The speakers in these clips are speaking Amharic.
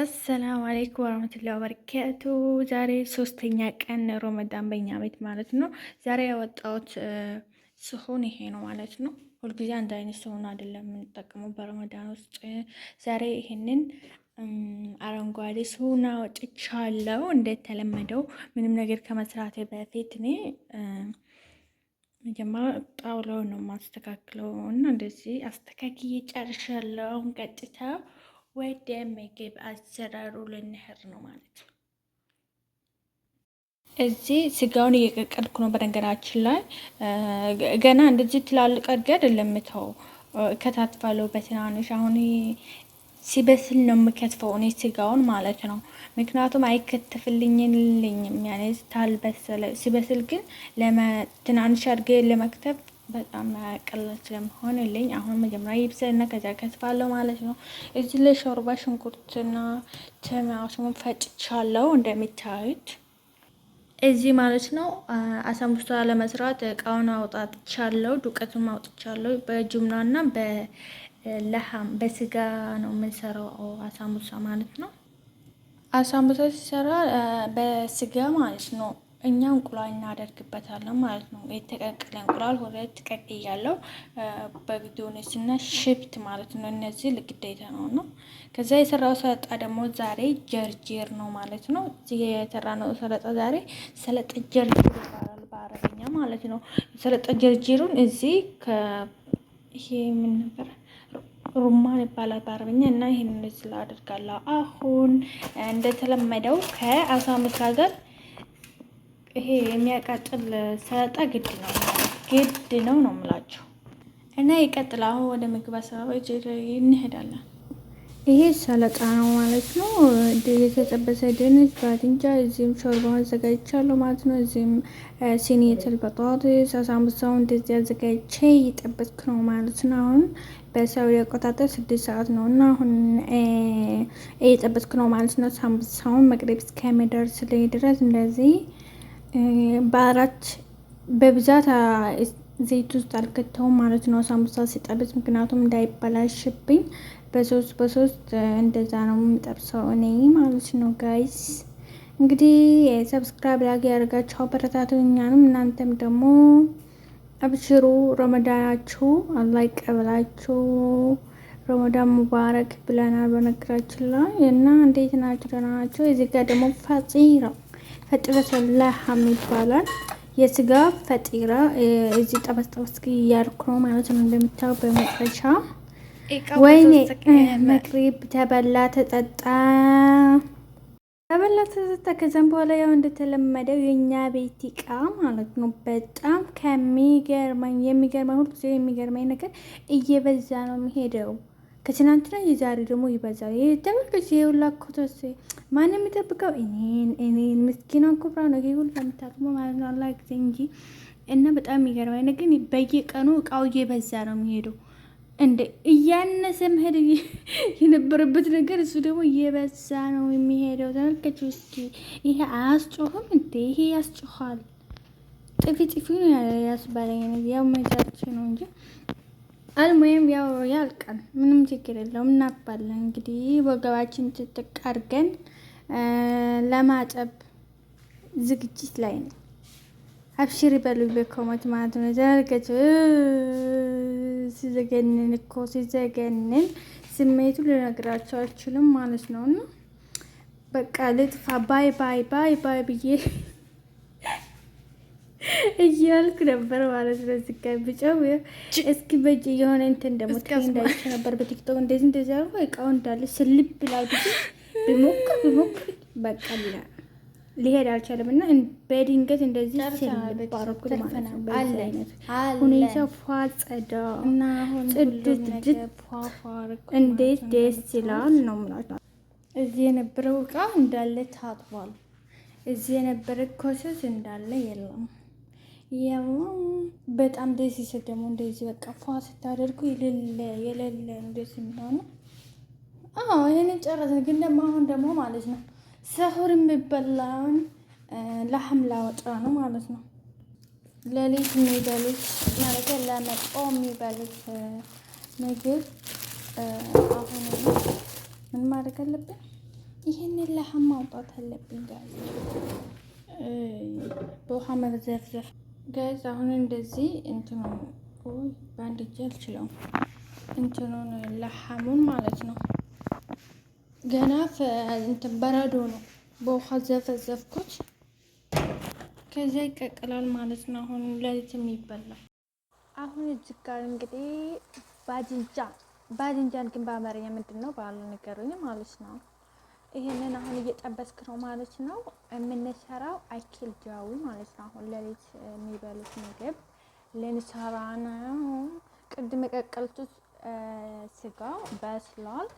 አሰላሙ አለይኩም ወራህመቱላሂ ወበረካቱ። ዛሬ ሶስተኛ ቀን ሮመዳን በኛ ቤት ማለት ነው። ዛሬ ያወጣሁት ስሁን ይሄ ነው ማለት ነው። ሁልጊዜ አንድ አይነት ስሁን አይደለም የምንጠቀመው በረመዳን ውስጥ። ዛሬ ይሄንን አረንጓዴ ስሁን አወጥቻለሁ። እንደተለመደው ምንም ነገር ከመስራቴ በፊት እኔ መጀመሪያ ጣውላው ነው ማስተካክለው እና እንደዚህ አስተካክዬ ጨርሻለሁ። ቀጥታ ወደ ምግብ አሰራሩ ልንሄድ ነው ማለት ነው። እዚህ ስጋውን እየቀቀልኩ ነው። በነገራችን ላይ ገና እንደዚህ ትላልቅ አድርጌ አይደለም የምተው እከታትፋለሁ በትናንሽ አሁን ሲበስል ነው የምከትፈው እኔ ስጋውን ማለት ነው። ምክንያቱም አይከተፍልኝልኝም ያኔ ታልበሰለ ሲበስል ግን ለትናንሽ አድርጌ ለመክተፍ በጣም ቀላል ስለሚሆንልኝ አሁን መጀመሪያ ይብሰልና ከዚያ ከትፋለሁ ማለት ነው። እዚህ ላይ ሾርባ ሽንኩርትና ቲማቲሙን ፈጭቻለሁ እንደሚታዩት እዚህ ማለት ነው። አሳምቡሳ ለመስራት እቃውን አውጣትቻለሁ፣ ዱቄቱን አውጥቻለሁ። በጅምናና በለሃም በስጋ ነው የምንሰራው አሳምቡሳ ማለት ነው። አሳምቡሳ ሲሰራ በስጋ ማለት ነው እኛ እንቁላል እናደርግበታለን ማለት ነው። የተቀቀለ እንቁላል ሁለት ቀቅ እያለው ያለው በግዶንስና ሽብት ማለት ነው። እነዚህ ልግዴታ ነው እና ከዛ የሰራው ሰለጣ ደግሞ ዛሬ ጀርጀር ነው ማለት ነው። የተራ ነው ሰለጣ ዛሬ ሰለጣ ጀርጀር ይባላል በአረብኛ ማለት ነው። ሰለጣ ጀርጀሩን እዚህ ይሄ ምን ነበር ሩማን ይባላል በአረበኛ እና ይህን ስላ አድርጋለሁ። አሁን እንደተለመደው ከአሳ ምስራ ጋር ይሄ የሚያቃጥል ሰላጣ ግድ ነው ግድ ነው ነው የምላቸው እና ይቀጥል። አሁን ወደ ምግብ አሰባባጅ እንሄዳለን። ይሄ ሰላጣ ነው ማለት ነው። የተጠበሰ ድንች በአድንጃ እዚህም ሾርባ አዘጋጅቻለሁ ማለት ነው። እዚህም ሲኔትል በጠዋት ሳምቡሳውን እንደዚህ አዘጋጅቼ እየጠበስኩ ነው ማለት ነው። አሁን በሰው የቆጣጠር ስድስት ሰዓት ነው እና አሁን እየጠበስኩ ነው ማለት ነው። ሳምቡሳውን መቅረብ እስከሚደርስልኝ ድረስ እንደዚህ በአራት በብዛት ዘይት ውስጥ አልከተውም ማለት ነው፣ ሳምቡሳ ሲጠብስ ምክንያቱም እንዳይበላሽብኝ። በሶስት በሶስት እንደዛ ነው የምጠብሰው እኔ ማለት ነው። ጋይስ እንግዲህ ሰብስክራይብ ላግ ያደርጋችሁ አበረታቱ እኛንም፣ እናንተም ደግሞ አብሽሩ። ረመዳናችሁ አላህ ይቀበላችሁ። ረመዳን ሙባረክ ብለናል በነገራችን ላይ እና እንዴት ናቸው? ደህና ናቸው። እዚህ ጋር ደግሞ ፋጺራ ፈጢረቱን ለሐም ይባላል። የስጋ ፈጢራ እዚህ ጠበስ ጠበስ እያልኩ ነው ማለት ነው። እንደምታየው በመጥበሻ ወይኔ መቅሪብ ተበላ ተጠጣ ተበላ ተጠጣ። ከዛም በኋላ ያው እንደተለመደው የእኛ ቤት እቃ ማለት ነው። በጣም ከሚገርመኝ የሚገርመኝ ሁሉ ጊዜ የሚገርመኝ ነገር እየበዛ ነው የሚሄደው ከትናንትና የዛሬ ደግሞ ይበዛል። ተመልከች፣ ይሄ ሁላ ኮቶስ ማን የሚጠብቀው እኔን እኔን ምስኪናን ኩፍራ ነው። ይሄ ሁላ የምታቅመ ማለት ነው አላ ጊዜ እንጂ እና በጣም የሚገርም አይነት ግን በየቀኑ እቃው እየበዛ ነው የሚሄደው። እንደ እያነሰ መሄድ የነበረበት ነገር እሱ ደግሞ እየበዛ ነው የሚሄደው። ተመልከች እስኪ ይሄ አያስጮህም እንዴ? ይሄ ያስጮኋል። ጥፊ ጥፊ ነው ያስባለኝ ያው መጃች ነው እንጂ አልሙየም ያው ያልቃል፣ ምንም ችግር የለውም። እናባለን እንግዲህ ወገባችን ጥጥቅ አድርገን ለማጠብ ዝግጅት ላይ ነው። አብሽር በሉ በኮመት ማለት ነው። ዘርገች ሲዘገንን እኮ ሲዘገንን ስሜቱ ልነግራቸው አልችልም ማለት ነው። እና በቃ ልጥፋ ባይ ባይ ባይ ባይ ብዬ እያልኩ ነበር ማለት ነው። ዝጋ ጋር ብጫው እስኪ በእጅ የሆነ እንትን ደግሞ እንዳይቸ ነበር በቲክቶክ እንደዚህ እንደዚህ አርጎ እቃው እንዳለ ስልብ ላይ ብ ብሞክ ብሞክ በቃ ሌላ ሊሄድ አልቻለም እና በድንገት እንደዚህ ስልብ አረኩት ሁኔታ ፏ ጸዳ እንዴት ደስ ይላል ነው ምላቸው። እዚህ የነበረው እቃ እንዳለ ታጥቧል። እዚህ የነበረ ኮሰስ እንዳለ የለም። ያው በጣም ደስ ይሰጥ ደግሞ እንደዚህ በቃ ፏ ስታደርጉ የሌለ የሌለ ደስ የሚሆነው። አዎ ይህንን ጨረስን፣ ግን ደግሞ አሁን ደግሞ ማለት ነው ሰሁር የሚበላውን ላህም ላወጣ ነው ማለት ነው። ለሌት የሚበሉት ማለት ለመጦ የሚበሉት ምግብ አሁን ምን ማድረግ አለብን? ይህንን ላህም ማውጣት አለብን ጋር በውሃ መዘፍዘፍ ጋዝ አሁን እንደዚህ እንትኑ በአንድ እጅ አልችለውም። እንትኑን ለሐሙን ማለት ነው። ገና እንትን በረዶ ነው በውሃ ዘፈዘፍኩት። ከዚያ ይቀቅላል ማለት ነው። አሁን ለሊት የሚበላው አሁን እጅ ጋር እንግዲህ ባድንጃ ባጅንጃን ግን በአማርኛ ምንድን ነው ባሉ ነገሩኝ ማለት ነው። ይህንን አሁን እየጠበስክ ነው ማለት ነው የምንሰራው አኪል ጃዊ ማለት ነው። አሁን ለሌት የሚበሉት ምግብ ልንሰራ ነው። ቅድም የቀቀልቱት ስጋው በስሏል።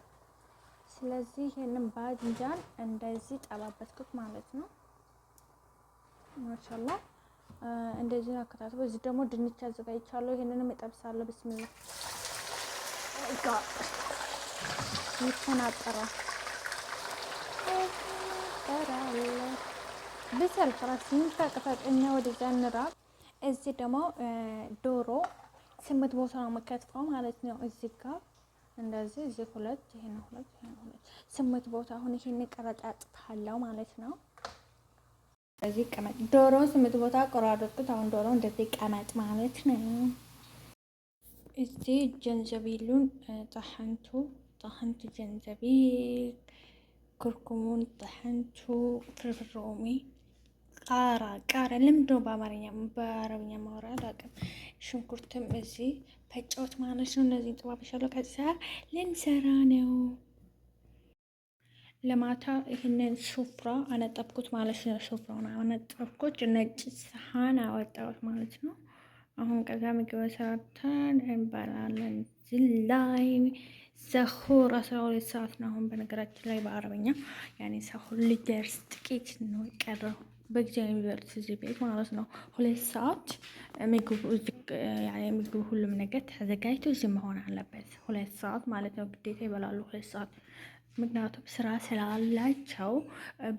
ስለዚህ ይህንን ባድንጃን እንደዚህ ጠባበስኩት ማለት ነው። ማሻላ እንደዚህ ነው አከታትቦ። እዚህ ደግሞ ድንች አዘጋጅቻለሁ። ይህንንም እጠብሳለሁ። ብስሚላ ይተናጠራል ብሰል ፍራክስ ምንፈቅፈቅ እኛ ወደዛ እንራብ። እዚህ ደግሞ ዶሮ ስምንት ቦታ ነው የምከትፈው ማለት ነው። እዚህ ጋር እንደዚህ እዚህ ሁለት ይሄን ሁለት ይሄን ሁለት ስምንት ቦታ አሁን ይሄን ቀረጣጥፋለሁ ማለት ነው። እዚህ ቀመጥ ዶሮ ስምንት ቦታ ቆራረጥኩት። አሁን ዶሮ እንደዚህ ቀመጥ ማለት ነው። እዚህ ጀንዘቢሉን ጣሐንቱ ጣሐንቱ ጀንዘቢል ክርኩሙን፣ ጠሐንቹ፣ ፍርፍር ሮሚ፣ ቃራ ቃራ ለምንድነው በአማርኛ በአረብኛ ማውራ አላውቅም። ሽንኩርትም እዚህ ፈጫወት ማለት ነው። እነዚህን ጥባበሻለሁ። ከዛ ልንሰራ ነው። ለማታ ይህንን ሱፍራ አነጠብኩት ማለት ነው። ሱፍራውን አነጠብኩት፣ ነጭ ሰሃን አወጣሁት ማለት ነው። አሁን ከዛ ምግብ ሰርተን እንበላለን። ዝላይ ሰሁር አስራ ሁለት ሰዓት ነው። አሁን በነገራችን ላይ በአረበኛ ያኔ ሰሁር ልደርስ ጥቂት ነው ቀረው። በጊዜ የሚበሉት እዚህ ቤት ማለት ነው። ሁለት ሰዓት ምግቡ ሁሉም ነገር ተዘጋጅቶ እዚህ መሆን አለበት። ሁለት ሰዓት ማለት ነው ግዴታ ይበላሉ ሁለት ሰዓት ምክንያቱም ስራ ስላላቸው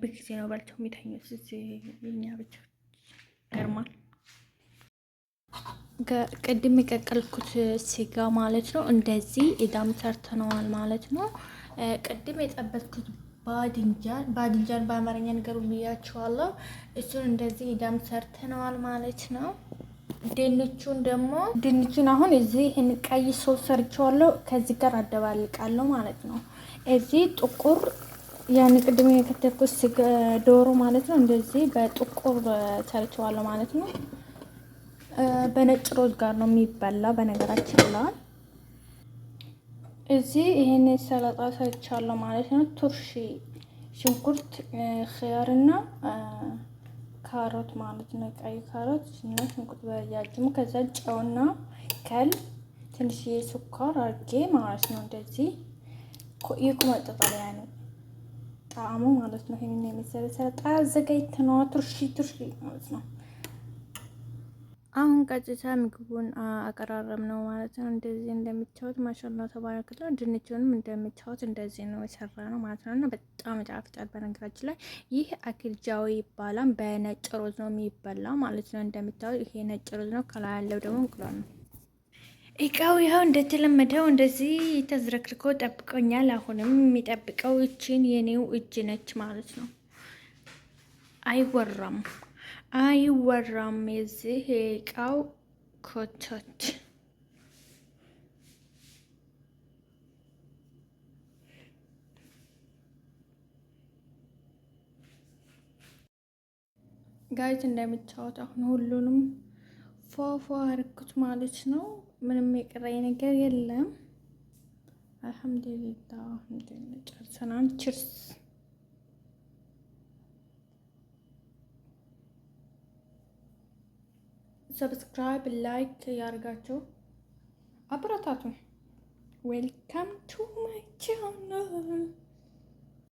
በጊዜ ነው በልተው የሚተኙት። እዚህ የኛ ብቻ ገርማል ቅድም የቀቀልኩት ስጋ ማለት ነው። እንደዚህ ኢዳም ሰርተነዋል ማለት ነው። ቅድም የጠበስኩት ባድንጃን ባድንጃን በአማርኛ ነገሩ ብያቸዋለሁ። እሱን እንደዚህ ኢዳም ሰርተነዋል ማለት ነው። ድንቹን ደግሞ ድንቹን አሁን እዚህ ቀይ ሶስ ሰርቸዋለሁ ከዚህ ጋር አደባልቃለሁ ማለት ነው። እዚህ ጥቁር ያን ቅድም የከተኩት ዶሮ ማለት ነው። እንደዚህ በጥቁር ሰርቸዋለሁ ማለት ነው። በነጭ ሮዝ ጋር ነው የሚበላ። በነገራችን ላይ እዚህ ይሄን ሰላጣ ሰርቻለሁ ማለት ነው። ቱርሺ፣ ሽንኩርት፣ ኪያር እና ካሮት ማለት ነው። ቀይ ካሮት እና ሽንኩርት በያጅሙ ከዛ ጨውና ከል ትንሽ ስኳር አርጌ ማለት ነው። እንደዚህ ይቁመጥጠለያ ነው ጣዕሙ ማለት ነው። ይህን የሚሰለ ሰላጣ አዘጋጅተነዋ ቱርሺ ቱርሺ ማለት ነው። አሁን ቀጥታ ምግቡን አቀራረብ ነው ማለት ነው። እንደዚህ እንደሚቻወት ማሻላ ተባረክላ። ድንቹንም እንደሚቻወት እንደዚህ ነው የሰራ ነው ማለት ነው። በጣም ይጣፍጣል። በነገራችን ላይ ይህ አክልጃዊ ይባላል። በነጭ ሮዝ ነው የሚበላ ማለት ነው። እንደሚታወት ይሄ ነጭ ሮዝ ነው። ከላይ ያለው ደግሞ እንቁላል ነው። እቃው ይኸው እንደተለመደው እንደዚህ ተዝረክርኮ ጠብቆኛል። አሁንም የሚጠብቀው እችን የኔው እጅ ነች ማለት ነው። አይወራም አይወራም የዚህ የእቃው ኮቾች ጋይት እንደሚታወት አሁን ሁሉንም ፏፏ አርኩት ማለት ነው። ምንም የቀረኝ ነገር የለም። አልሐምዱሊላ አልሐምዱሊላ ጨርሰናል። ችርስ ሰብስክራይብ ላይክ ያደርጋችሁ አበረታቱ። ዌልካም ቱ ማይ ቻናል